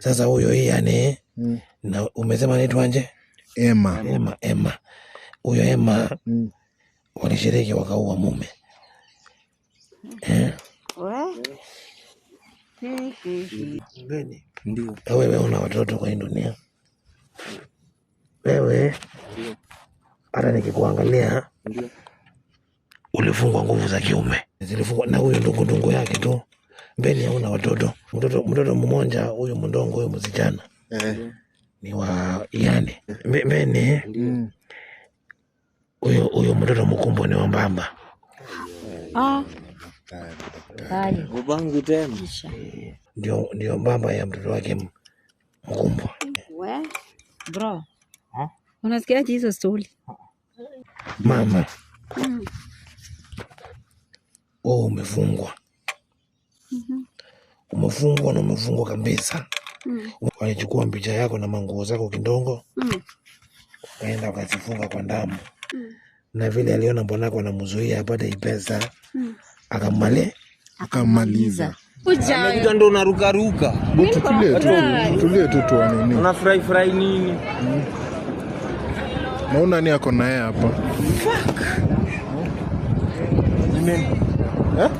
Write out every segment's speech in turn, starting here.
Sasa huyo hii yani mm. na umesema naitwanje? Ema, Ema, Ema. Huyo Ema mm. walishiriki wakaua mume eh? Wewe una watoto kwa hii dunia wewe, hata nikikuangalia ulifungwa nguvu za kiume zilifungwa na huyo ndungudungu yake tu mbele yauna watoto. Mtoto mtoto mmoja huyu mndongo huyu mzijana eh. ni wa yani mbene mm. huyo huyu mtoto mkumbwa ni wambamba Ah, ndio ndio mbamba ya mtoto wake m- mkumbwa. bro. hizo stori? Mama mm. wewe umefungwa, umefungwa na umefungwa kabisa mm. Walichukua picha yako na manguo zako kindongo mm. Wakaenda wakazifunga kwa damu mm. Na vile aliona bwanako anamzuia apate ipesa mm. Akamale akamaliza Ujayo. Ndo unarukaruka. Tulie tu tuanini. Unafurahi furahi nini? Mm. Naona ni ako naye hapa. Fuck. Eh?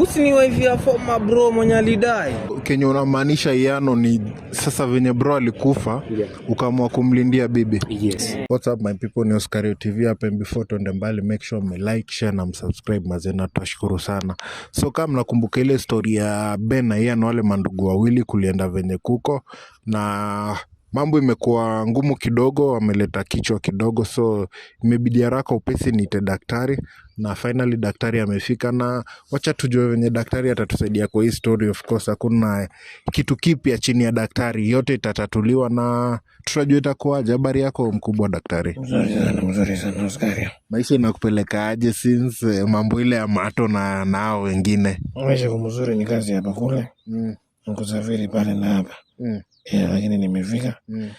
usiniwaivia foma bro mwenye alidai kenye unamaanisha yano ni sasa venye bro alikufa yeah. ukaamua kumlindia bibi yes. What's up my people ni Oscario TV hapa before tuende mbali make sure me like, share na msubscribe mazena tuashukuru sana so kama mnakumbuka ile story ya Ben na yano wale mandugu wawili kulienda venye kuko na mambo imekuwa ngumu kidogo, wameleta kichwa kidogo, so imebidi haraka upesi niite daktari na finally daktari amefika, na wacha tujue venye daktari atatusaidia kwa hii story. Of course hakuna kitu kipya chini ya daktari, yote itatatuliwa na tutajua itakuwaje. Habari yako mkubwa daktari? Mzuri sana, mzuri Oskari. Maisha inakupelekaaje since eh, mambo ile ya mato na nao wengine? Maisha ko mzuri, ni kazi hapa kule, mm. kusafiri pale na hapa mm. yeah, lakini nimefika mm.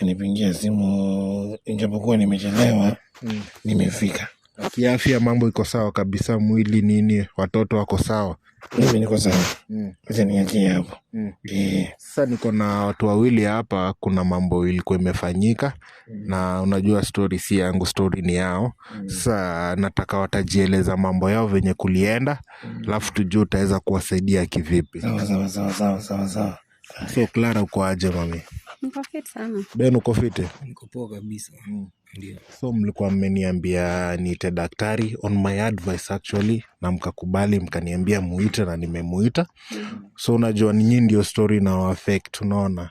menipigia simu, ijapokuwa nimechelewa mm. nimefika kiafya mambo iko sawa kabisa, mwili nini, watoto wako sawa? Mimi niko sawa, ni mm. niachie hapo. Mm. Eh. Sasa niko na watu wawili hapa, kuna mambo ilikuwa imefanyika mm. na unajua stori si yangu, stori ni yao mm. Sasa nataka watajieleza mambo yao venye kulienda, mm. alafu mm. tujue utaweza kuwasaidia kivipi. Sawa sawa sawa sawa sawa. So Clara, uko aje mami? Ben, uko fiti? Niko poa kabisa. Mm. So mlikuwa mmeniambia niite daktari on my advice actually, na mkakubali mkaniambia muite na nimemuita. Mm. So unajua ninyi ndio story na affect, unaona.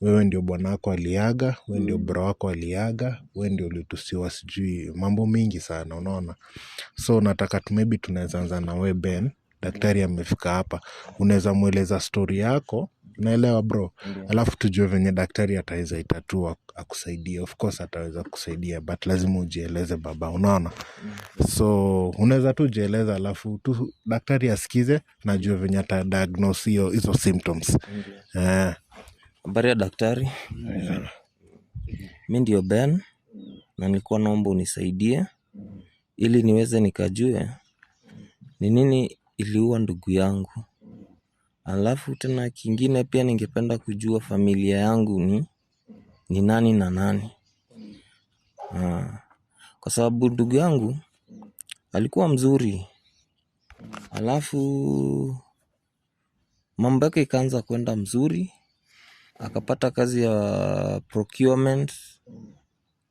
Wewe ndio bwana wako aliaga, wewe ndio mm. bro wako aliaga, wewe ndio ulitusiwa sijui mambo mingi sana, unaona. So nataka tu maybe tunaweza anza na wewe Ben. Daktari amefika hapa, unaweza mweleza story yako unaelewa bro yeah. Alafu tujue venye daktari ataweza itatua akusaidia of course ataweza kusaidia but lazima ujieleze baba, unaona mm. So unaweza tu ujieleza, alafu tu daktari asikize na jue venye atadiagnose hiyo hizo symptoms yeah. Eh. Habari ya daktari yeah. Mi ndio Ben na nilikuwa naomba unisaidie ili niweze nikajue ni nini iliua ndugu yangu. Alafu tena kingine pia ningependa kujua familia yangu ni ni nani na nani. Ah, kwa sababu ndugu yangu alikuwa mzuri. Alafu mambo yake ikaanza kuenda mzuri. Akapata kazi ya procurement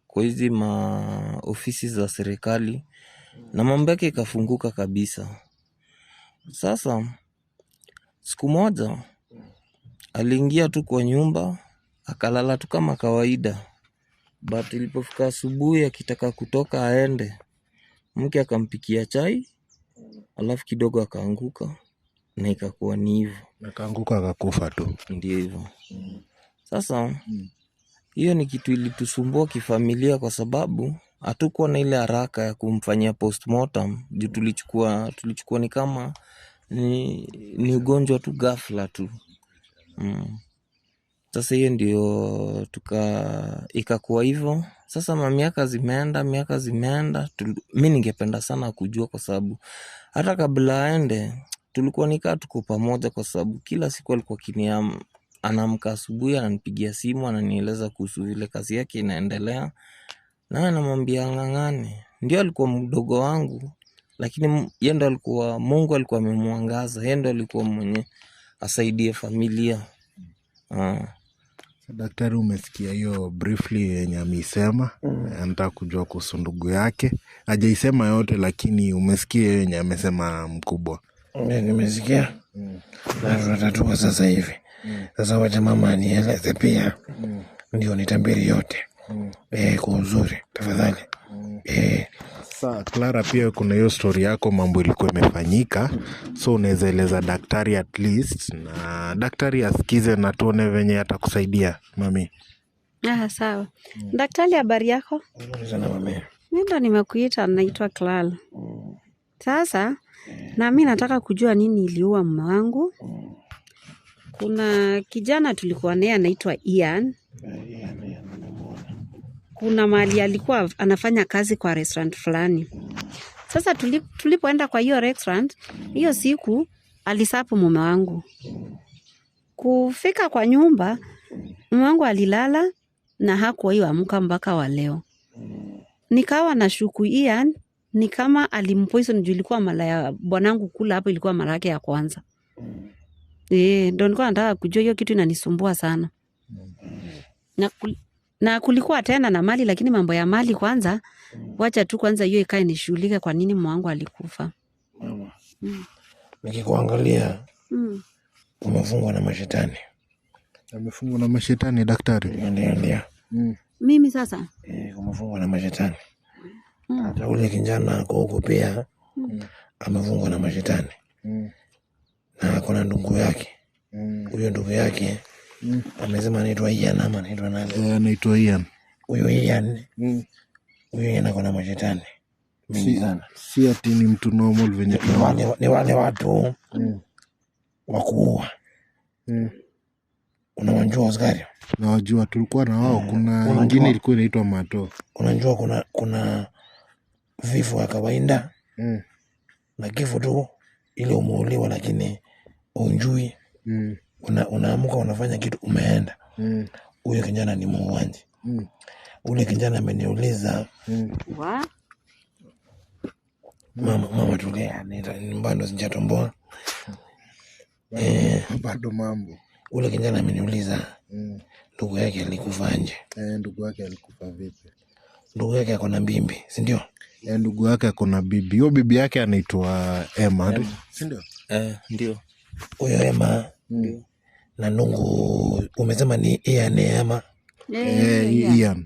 kwa hizi maofisi za serikali. Na mambo yake ikafunguka kabisa. Sasa Siku moja aliingia tu kwa nyumba akalala tu kama kawaida, but ilipofika asubuhi akitaka kutoka aende, mke akampikia chai, alafu kidogo akaanguka na ikakuwa ni hivyo, akaanguka akakufa tu, ndio hivyo. Mm. Sasa mm. hiyo ni kitu ilitusumbua kifamilia, kwa sababu hatukuwa na ile haraka ya kumfanyia postmortem juu tulichukua tulichukua ni kama ni, ni ugonjwa tu ghafla tu mm. Sasa hiyo ndio tuka ikakuwa hivyo. Sasa ma miaka zimeenda, miaka zimeenda, mi ningependa sana kujua, kwa sababu hata kabla aende tulikuwa nikaa tuko pamoja, kwa sababu kila siku alikuwa kinia anamka asubuhi ananipigia simu ananieleza kuhusu vile kazi yake inaendelea, naye anamwambia ng'ang'ane. Ndio alikuwa mdogo wangu, lakini yeye ndo alikuwa Mungu alikuwa amemwangaza, yeye ndo alikuwa mwenye asaidie familia hmm. ah. Daktari, umesikia hiyo briefly yenye ameisema mm. Anataka kujua kuhusu ndugu yake, ajaisema yote, lakini umesikia hiyo yenye amesema mkubwa? Hmm, mimi nimesikia mm. na sasa hivi mm. Sasa wacha mama anieleze pia mm. ndio nitambiri yote mm. E, kwa uzuri tafadhali mm. e, sasa Clara, pia kuna hiyo story yako, mambo ilikuwa imefanyika, so unaweza eleza daktari at least, na daktari asikize na tuone venye atakusaidia mami. Ah, sawa. Mm. Daktari, habari yako? Mi ndo nimekuita, naitwa Clara. Mm. Sasa na mi nataka kujua nini iliua mume wangu. Mm. Kuna kijana tulikuwa naye anaitwa Ian. Yeah, yeah, yeah kuna mali alikuwa anafanya kazi kwa restaurant fulani. Sasa tulipoenda kwa hiyo restaurant, hiyo siku alisapu mume wangu. Kufika kwa nyumba, mume wangu alilala na hakuwahi amka mpaka wa leo. Nikawa shuku Ian ni kama alimpoison juu ilikuwa mara ya bwanangu kula hapo, ilikuwa mara yake ya kwanza. Eh, ndo nikuwa nataka kujua hiyo kitu inanisumbua sana. Na na kulikuwa tena na mali, lakini mambo ya mali kwanza, wacha tu kwanza hiyo ikae nishughulike, kwa nini mwangu alikufa. Mama, Mm. nikikuangalia Mm. umefungwa na mashetani. Amefungwa na mashetani daktari. Ndio, ndio. Mm. Mimi sasa Eh, umefungwa na mashetani. Mm. ule kijana ako huko pia Mm. amefungwa na mashetani Mm. na ako ndugu yake. Mm. Huyo ndugu yake Mm. Amesema anaitwa Ian ama anaitwa nani? Eh, anaitwa Ian. Huyo Ian. Mm. Huyo Ian akona mashetani mingi sana. Si ati ni mtu normal venye ni wale, ni wale watu mm. wa kuua. Mm. Unawajua askari? Nawajua, tulikuwa na wao. mm. Kuna ingine ilikuwa inaitwa Mato. Unajua kuna kuna vifo ya kawaida mm. na kifo tu ile umeuliwa, lakini unjui mm una, unaamka unafanya kitu umeenda mm. huyo mm. kijana ni muuaji mm. ule kijana ameniuliza mm. mama, mama sijatomboa mm. eh, mambo ule kijana ameniuliza mm. ndugu mm. yake alikufa nje eh, ndugu yake alikufa vipi ndugu yake akona bimbi sindio eh, ndugu yake akona bibi huyo bibi yake anaitwa ema sindio ndio huyo ema mm na Nungu umesema ni Ian ama Eh, Ian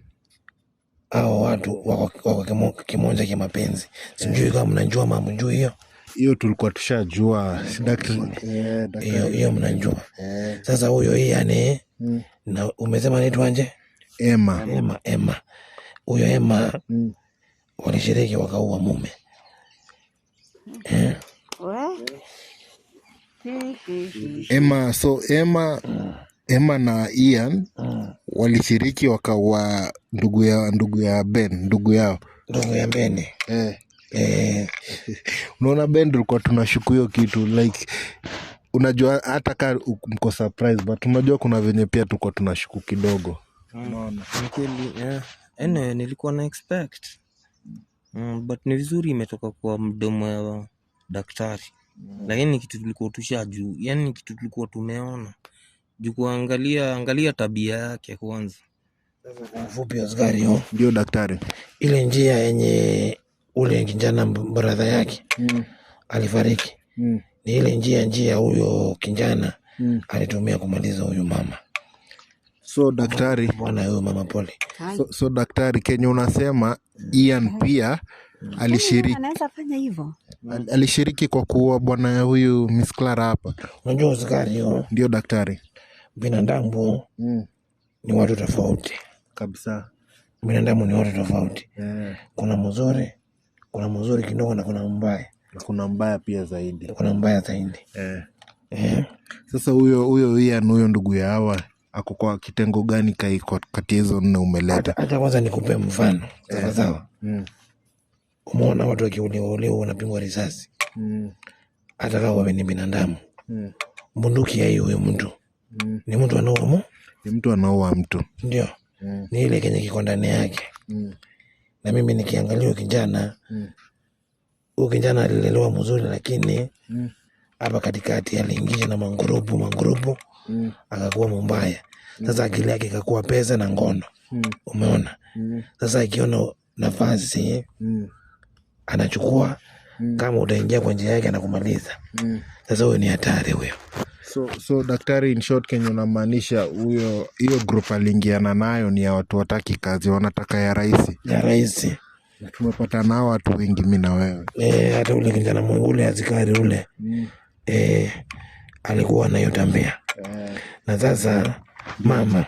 hao watu wako kimonja kia mapenzi, sijui eh. kama mnajua ma mjui hiyo hiyo, tulikuwa tushajua eh, hiyo, mnajua eh. sasa. Huyo Ian hmm. na umesema anaitwaje? Ema Ema Ema, huyo ema hmm. walishiriki wakaua mume eh? Emma, so Emma, uh, Emma na Ian uh, walishiriki wakawa ndugu ya ndugu ya Ben, ndugu yao ndugu ya Ben eh. Eh. Unaona Ben, tulikuwa tunashuku hiyo kitu like unajua hata ka mko surprise but unajua kuna venye pia tulikuwa tunashuku kidogo unaona mm. kweli yeah. Ene, nilikuwa na expect mm, but ni vizuri imetoka kwa mdomo wa daktari lakini ni kitu tulikuwa tushajuu, yani ni kitu tulikuwa tumeona juu. Kuangalia angalia tabia yake kwanza. Fupi askari oh. ndio daktari, ile njia yenye ule kijana bradha yake mm. alifariki mm. ni ile njia njia huyo kijana mm. alitumia kumaliza huyu mama so daktari, bwana huyo mama pole. So, so daktari Kenya unasema Ian pia Mm. Alishiriki, kwa kuua bwana huyu Miss Clara hapa. Unajua askari ndio daktari, binadamu mm. ni watu tofauti kabisa. Binadamu ni watu tofauti yeah. Kuna mzuri, kuna mzuri kidogo na kuna mbaya, na kuna mbaya pia zaidi, kuna mbaya zaidi yeah. Yeah. Sasa huyo huyo Ian huyo ndugu ya hawa ako kwa kitengo gani kai kati hizo nne umeleta? Hata kwanza nikupe mfano sawasawa, yeah. mm. Umeona watu wakiuliwaulio wanapigwa risasi mm. hata kama ni binadamu mm. bunduki yai huyo mtu mm. ni mtu anaua ni mtu anaua mtu ndio mm. ni ile kenye kiko ndani yake mm. na mimi nikiangalia kijana mm. huyu mm. kijana alilelewa mzuri lakini mm. hapa mm katikati aliingia na mangurupu mangurupu mm. akakuwa mumbaya mm. sasa akili yake ikakuwa pesa na ngono mm. umeona mm. sasa akiona nafasi mm anachukua mm. kama utaingia kwa njia yake anakumaliza mm. sasa huyo ni hatari huyo so, so daktari in short kenye unamaanisha huyo hiyo grup aliingiana nayo ni ya watu wataki kazi wanataka ya rahisi ya rahisi tumepata nao watu wengi mi na wewe e, hata ule kijana ule azikari ule mm. e, alikuwa anayotambia yeah. na sasa mama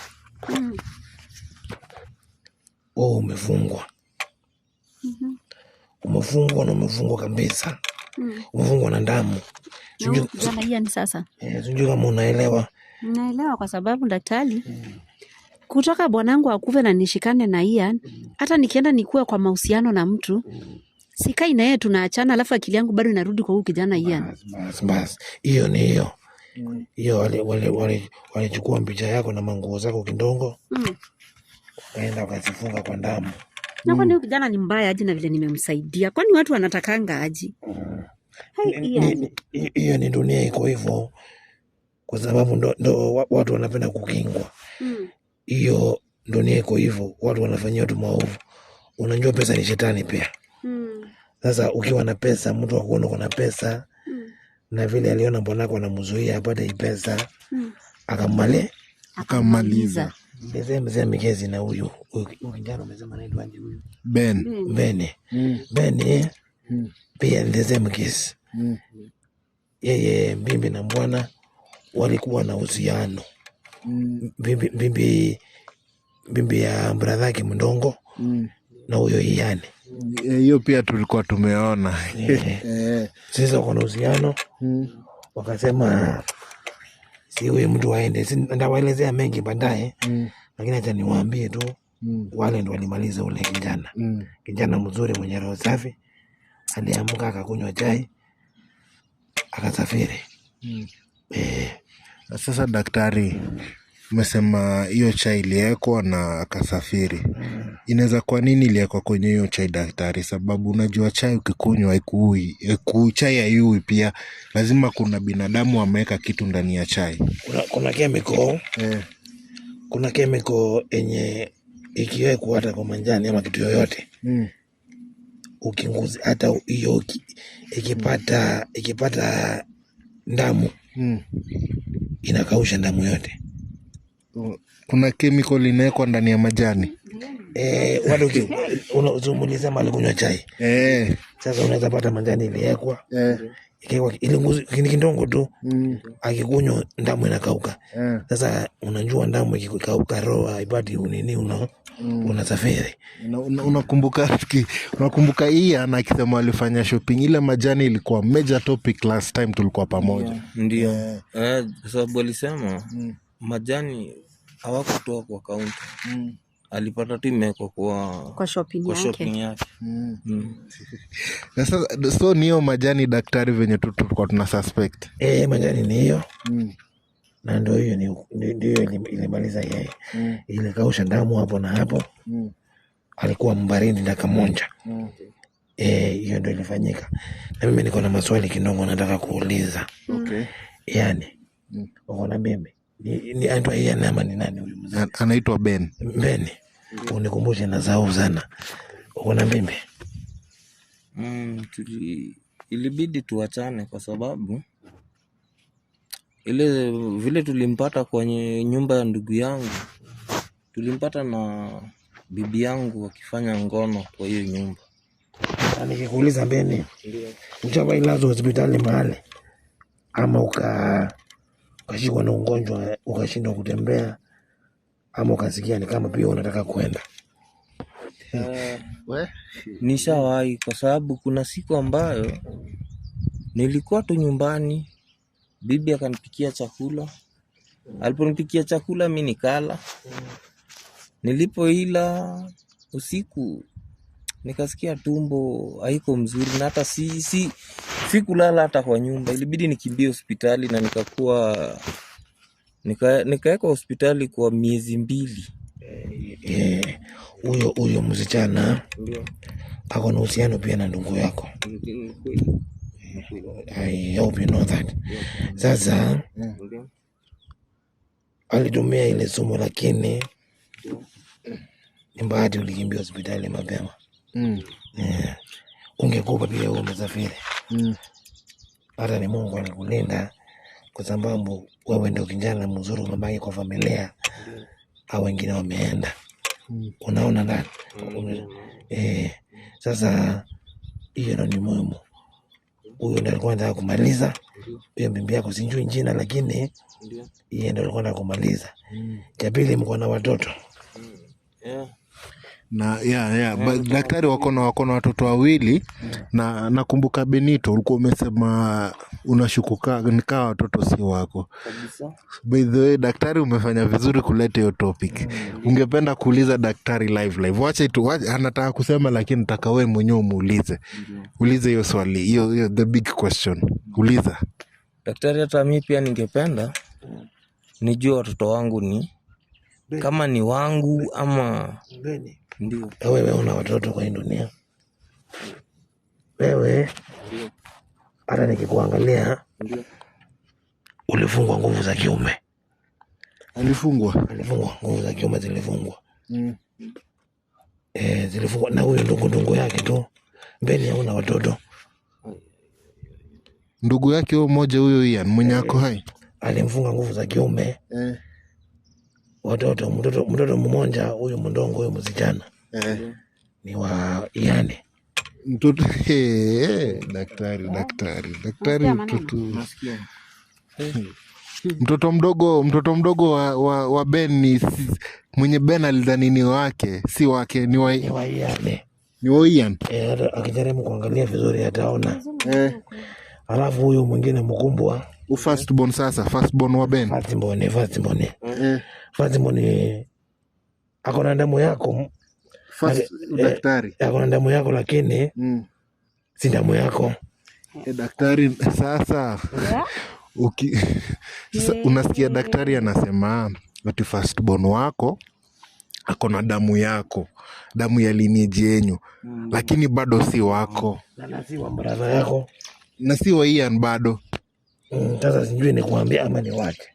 mm. wewe mm. umefungwa mm-hmm umefungwa na umefungwa kabisa mm. umefungwa na damu ni sasa eh, sijui kama unaelewa naelewa kwa sababu daktari mm. kutoka bwanangu akuve na nishikane na Ian hata nikienda nikuwe kwa mahusiano na mtu mm sikai naye tunaachana, alafu akili yangu bado inarudi kwa huu kijana Ian. hiyo ni hiyo mm. hiyo, walichukua wale, picha yako na manguo zako kidongo, mm. ukazifunga kwa ndamu na kwani mm. huyu kijana ni mbaya aje na vile nimemsaidia? Kwani watu wanatakanga aje? Hiyo ni dunia iko hivyo, kwa sababu ndo, ndo watu wanapenda kukingwa. Mm. Hiyo dunia iko hivyo, watu wanafanyia watu maovu. Unajua pesa ni shetani pia. Mm. Sasa ukiwa na pesa, mtu akuona uko na pesa na vile aliona bwanako anamzuia apate hii pesa, akamale akamaliza Mzee mzee Migezi na huyu Ugingaro umesema huyu? Ben. Hmm. Hmm. Ben. Ben. Eh? Hmm. Pia mzee Migezi. Yeye bibi na bwana walikuwa na uhusiano. Bibi bibi bibi ya bradhake Mndongo na huyo Iyane. Eh, hiyo pia tulikuwa tumeona. Eh. Sasa kuna uhusiano. Wakasema si huyu mtu aende, ndawaelezea mengi baadaye mm. mm. lakini acha niwaambie tu mm. wale ndo walimaliza ule kijana mm. kijana mzuri mwenye roho safi, aliamka akakunywa chai akasafiri mm. eh. Sasa daktari, umesema hiyo chai iliekwa na akasafiri. Inaweza kwa nini iliekwa kwenye hiyo chai daktari? Sababu unajua chai ukikunywa haikuui, chai haiui pia. Lazima kuna binadamu ameweka kitu ndani ya chai. Kuna, kuna kemiko yeah. kuna kemiko yenye ikiwekwa hata kwa manjani ama kitu yoyote mm, ukinguzi, hata hiyo ikipata ikipata damu mm, inakausha damu yote kuna chemical inawekwa ndani ya majani eh, wale unamuuliza mali kunywa chai eh. Sasa unaweza pata majani iliwekwa eh. Ikiwa ile nguzi kini kindongo tu mm. Akikunywa ndamu inakauka eh. Sasa unajua ndamu ikikauka roho haipati unini una mm. unasafiri unakumbuka una, una unakumbuka hii ana akisema alifanya shopping ile majani ilikuwa major topic last time tulikuwa pamoja ndio yeah. yeah. yeah. uh, kwa sababu walisema mm Majani hawakutoa kwa kaunti mm. Alipata tu imewekwa kwa, kwa shopping kwa shopping yake mm. mm. so ni hiyo majani daktari venye tutukwa tuna suspect e, majani ni hiyo mm. na ndo hiyo ndio ilimaliza yeye mm. ilikausha damu hapo na hapo mm. alikuwa mbarini na kamonja mm. Eh, hiyo ndo ilifanyika, na mimi niko na maswali kidogo nataka kuuliza okay. Yani mm. uko na mimi anaitwa Ian ama ni nani huyu mzee? Anaitwa Ben. Ben. Unikumbushe na zao sana. Uko na mimi? Mm, tuli, ilibidi tuachane kwa sababu ile vile tulimpata kwenye nyumba ya ndugu yangu, tulimpata na bibi yangu wakifanya ngono kwa hiyo nyumba. Nikikuuliza Beni, ushawahi lazwa hospitali mahali ama uka ukashikwa na ugonjwa ukashindwa kutembea ama ukasikia ni kama pia unataka kwenda. Uh, nishawahi kwa sababu kuna siku ambayo nilikuwa tu nyumbani, bibi akanipikia chakula. Aliponipikia chakula mi nikala. Nilipoila usiku nikasikia tumbo haiko mzuri, na hata si, si, Sikulala hata kwa nyumba, ilibidi nikimbie hospitali na nikakuwa nikawekwa nika hospitali kwa miezi mbili. Eh, eh, huyo yeah. huyo msichana ako na uhusiano pia na ndugu yako. I hope you know that. Sasa alitumia ile sumu, lakini ni bahati ulikimbia hospitali mapema. Mm. Yeah. Ungekupa pia huo msafiri hata mm. ni Mungu anakulinda kwa sababu wewe ndio kijana mzuri umebaki kwa familia au wengine wameenda. Mm. Unaona ndani mm. eh, sasa hiyo ndo ni muhimu. Huyo ndo alikuwa anataka kumaliza hiyo bibi yako, sijui jina, lakini hiyo ndo alikuwa anataka kumaliza. Cha pili, mko na watoto yeah na yeah, yeah. Yeah, daktari wako na wako na watoto wawili yeah. Na nakumbuka Benito ulikuwa umesema unashukuka nikaa watoto si wako By the way, daktari umefanya vizuri kuleta hiyo topic mm. Ungependa kuuliza daktari live live, wacha tu anataka kusema, lakini nataka wewe mwenyewe umuulize yeah. Ulize hiyo swali hiyo, the big question uliza daktari. Hata mimi pia ningependa nijue watoto wangu ni kama ni wangu ama ndio. Wewe una watoto kwa hii dunia wewe, hata nikikuangalia ulifungwa nguvu za kiume. Alifungwa, alifungwa nguvu za kiume zilifungwa mm. E, zilifungwa na huyo ndugu yake tu. Mbeni hauna watoto ndugu yake huyo mmoja huyo Ian mwenye ako hai alimfunga nguvu za kiume eh watoto mtoto mtoto mmoja huyu mndongo huyu msichana eh. ni wa Iyane mtoto daktari daktari daktari mtoto mtoto mdogo mtoto mdogo wa, wa, wa Ben ni si, mwenye Ben alidhani ni wake si wake ni wa, ni wa Iyane eh, akijaribu kuangalia vizuri ataona eh. Alafu huyu mwingine mkumbwa ufasbon sasa fasbon wa Ben firstborn eh. Fazimu ni ako na damu yako daktari eh, ako na damu yako lakini mm. si damu yako e, daktari sasa yeah. Uki, sasa Unasikia daktari anasema ati firstborn wako ako na damu yako damu ya lineage yenyu mm. Lakini bado si wako na si wa baraza yako na si wa Ian bado mm, sasa mm, sijui ni kuambia ama ni wache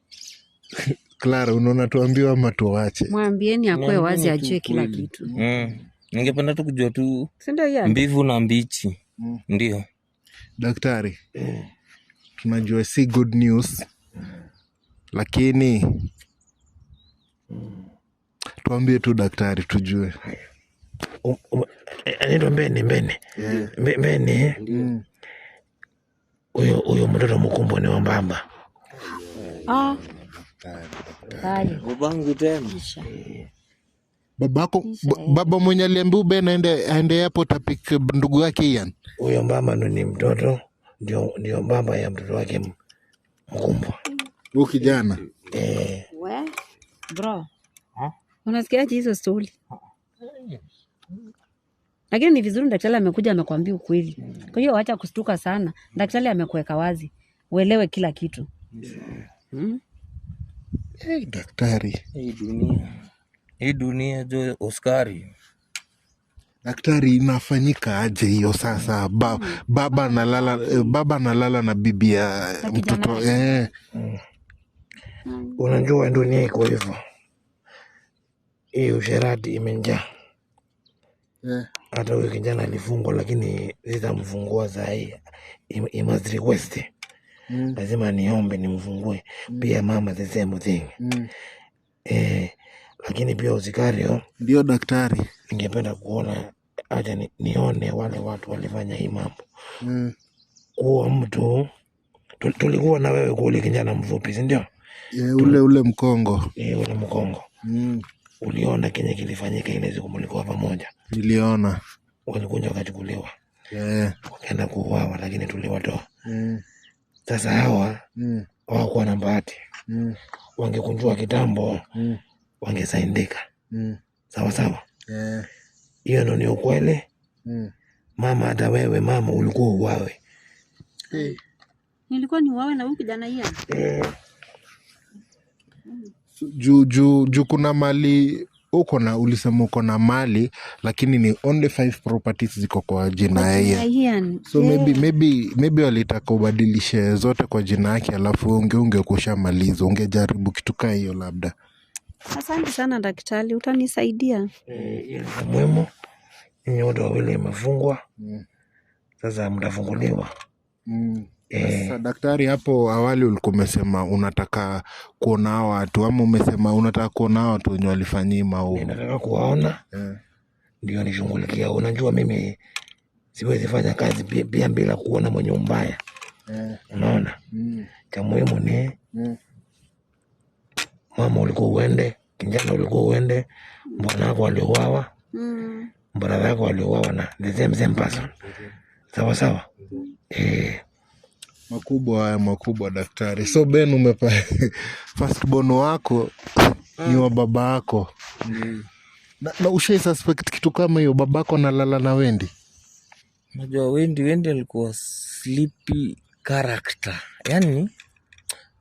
Clara, unaona tuambiwe ama tuwache? Mwambieni akuwe wazi, ajue kila kitu. Mm. Ningependa tu kujua tu mbivu na mbichi. Mm. Ndio daktari, mm. tunajua si good news, lakini tuambie tu daktari tujue. Anaitwa eh, eh, Mbeni. Mbeni, Mbeni huyo huyo mtoto mkumbwa ni wambamba. Ah. Babangu tena. Babako baba mwenye aliambia ube naende aende yapo tapik eh, ndugu yake Ian. Huyo mama ndo ni mtoto ndio ndio mama ya mtoto wake mkumbwa huu kijana. Eh. bro. hizo story? Lakini ni vizuri daktari amekuja amekwambia ukweli. Kwa hiyo acha kustuka sana. Daktari amekuweka wazi. Uelewe kila kitu. hmm? Hey, daktari hii dunia, hii dunia jo Oskari. Daktari, inafanyika aje hiyo sasa? Ba, baba analala baba analala na bibi ya mtoto eh. Mm. Unajua dunia iko hivyo, hii usherati imenjaa yeah. Hata huyu kijana alifungwa, lakini zitamfungua saa hii, he mm. lazima niombe nimfungue mm. pia mama the same thing mm. eh, lakini pia uzikario ndio daktari, ningependa kuona acha ni, nione wale watu walifanya hii mambo mm. kuwa mtu tulikuwa na wewe kule kijana mfupi, si ndio? E, ule ule mkongo yeah, ule mkongo mm. uliona kenye kilifanyika ile siku mlikuwa pamoja? Niliona walikuja wakachukuliwa, yeah. wakaenda kuuawa, lakini tuliwatoa mm sasa hawa mm. wakuwa na bahati mm. wangekunjua kitambo mm. wangesaindika mm. sawa sawa, eh. hiyo yeah. ndo ni ukweli mm. Mama, hata wewe mama ulikuwa uwawe hey. hey. juu juu juu kuna mali uko na ulisema uko na mali lakini ni only five properties ziko kwa jina yeye, so yeah. maybe, maybe, maybe walitaka ubadilishe zote kwa jina yake, alafu unge unge kushamaliza ungejaribu kitu kaa hiyo labda. Asante sana daktari, utanisaidia e, muhimu nyinyi wote wawili imefungwa mm. sasa, mtafunguliwa mm eh. daktari, hapo awali ulikuwa umesema unataka kuona watu ama umesema unataka kuona watu wenye walifanyii maovu? Nataka kuwaona eh. ndio nishughulikia. Unajua mimi siwezi fanya kazi pia bila kuona mwenye umbaya eh. Unaona mm. cha muhimu ni mm. mama ulikuwa uende, kijana ulikuwa uende, mbwana wako aliuawa mm. mbwana wako aliuawa na the same same person, mm. sawa sawa mm. eh makubwa haya makubwa daktari so ben umepa firstborn wako ni wa baba yako mm. na, na ushai suspect kitu kama hiyo baba yako analala na wendi najua wendi wendi alikuwa slipi character yani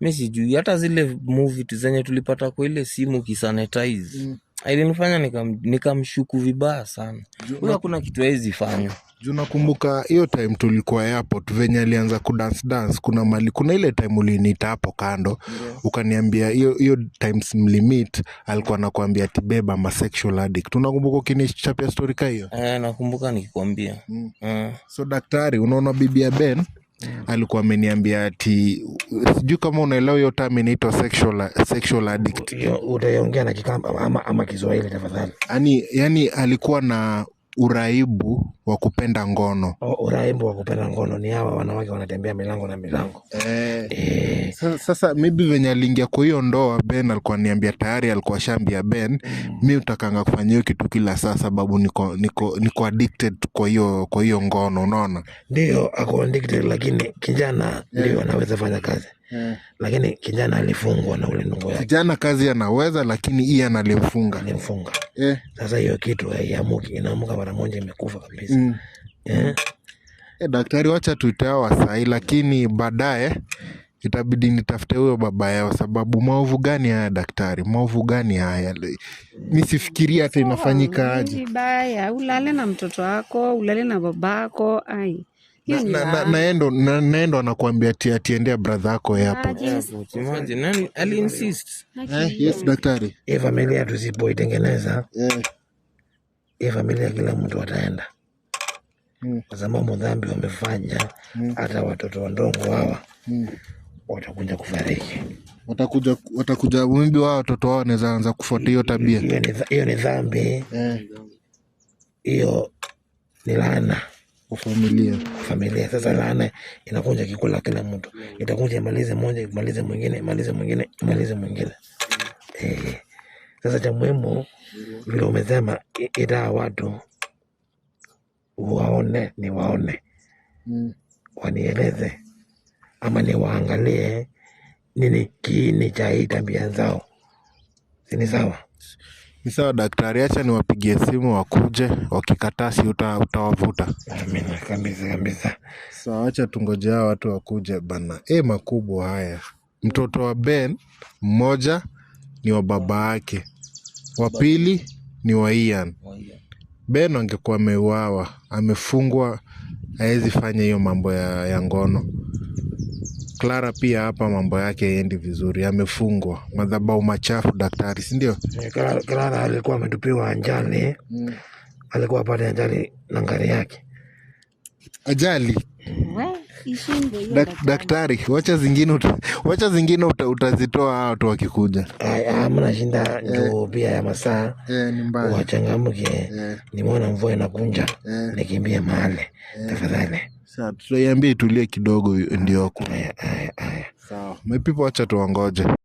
mi sijui hata zile movie zenye tulipata kwa ile simu kisanitize mm ilinifanya nikamshuku nika vibaya sana huyo, hakuna kitu hawezi fanya juu nakumbuka hiyo time tulikuwa airport venye alianza kudance dance, kuna mali, kuna ile time uliniita hapo kando yeah. Ukaniambia hiyo times mlimit alikuwa nakuambia tibeba ama sexual addict, unakumbuka ukinichapia story ka hiyo eh? Nakumbuka nikikwambia mm. Uh. So daktari, unaona bibi ya Ben Mm. alikuwa ameniambia ati sijui kama unaelewa hiyo tam inaitwa sexual, sexual addict. na Kikamba ama, ama Kiswahili tafadhali. yani alikuwa na uraibu wa kupenda ngono. O, oh, uraibu wa kupenda ngono ni hawa wanawake wanatembea milango na milango eh, eh. Sasa, sasa maybe venye aliingia kwa hiyo ndoa Ben alikuwa niambia tayari alikuwa shambia Ben mm. mi utakanga kufanya hiyo kitu kila saa sababu niko, niko, niko addicted kwa hiyo kwa hiyo ngono unaona ndio ako addicted lakini kijana eh. ndio yeah. anaweza fanya kazi Yeah. Lakini kijana alifungwa na ule ndugu yake. Kijana kazi anaweza, lakini iye analimfunga alimfunga. Yeah. Sasa hiyo kitu haiamuki, inaamuka mara moja imekufa kabisa mm. yeah. hey, eh, daktari, wacha tuitewa sahii, lakini baadaye itabidi nitafute huyo baba yao. Sababu maovu gani haya daktari, maovu gani haya? Mi sifikiria hata inafanyika ajibaya Ulale na mtoto wako, ulale na babako. Ai, naendo na, na, na anakuambia tiatiendea bradha yako hapo. Ah, yes eh, tuzipoitengeneza yeah hii familia kila mtu ataenda mm. kwa sababu dhambi wamefanya mm. hata watoto wandongo hawa mm. watakuja kufariki watakuja watakuja mimbi wao watoto wao wanaweza anza kufuata hiyo tabia hiyo ni dhambi eh. hiyo ni laana kwa familia kwa familia sasa laana inakuja kikula kila mtu itakuja imalize moja imalize mwingine imalize mwingine imalize mwingine eh sasa cha muhimu vile umesema, itaa watu waone, ni waone mm. wanieleze ama niwaangalie nini kiini cha hii tabia zao, sini sawa? Ni sawa daktari, acha niwapigie simu wakuje, wakikataa si utawavuta. Amina kabisa kabisa. Sawa, acha tungojea watu wakuje bana. E, makubwa haya. Mtoto wa Ben mmoja ni wa baba yake wa pili ni wa Ian. angekuwa ameuawa, amefungwa, hawezi fanya hiyo mambo ya, ya ngono. Clara pia hapa mambo yake haendi vizuri, amefungwa madhabau machafu, daktari, si ndio? Eh, Clara, alikuwa ametupiwa ajali mm. Alikuwa pale ajali na ngari yake ajali mm daktari, wacha zingine, wacha zingine uta, utazitoa hao watu wakikuja. Ah, Mnashinda eh. juu pia ya masaa eh, wachangamke. Eh. Nimeona mvua inakunja, nikimbie mahali tafadhali. Sasa tutaiambia itulie kidogo, ndio huko. Sawa, my people, wacha tuwangoje.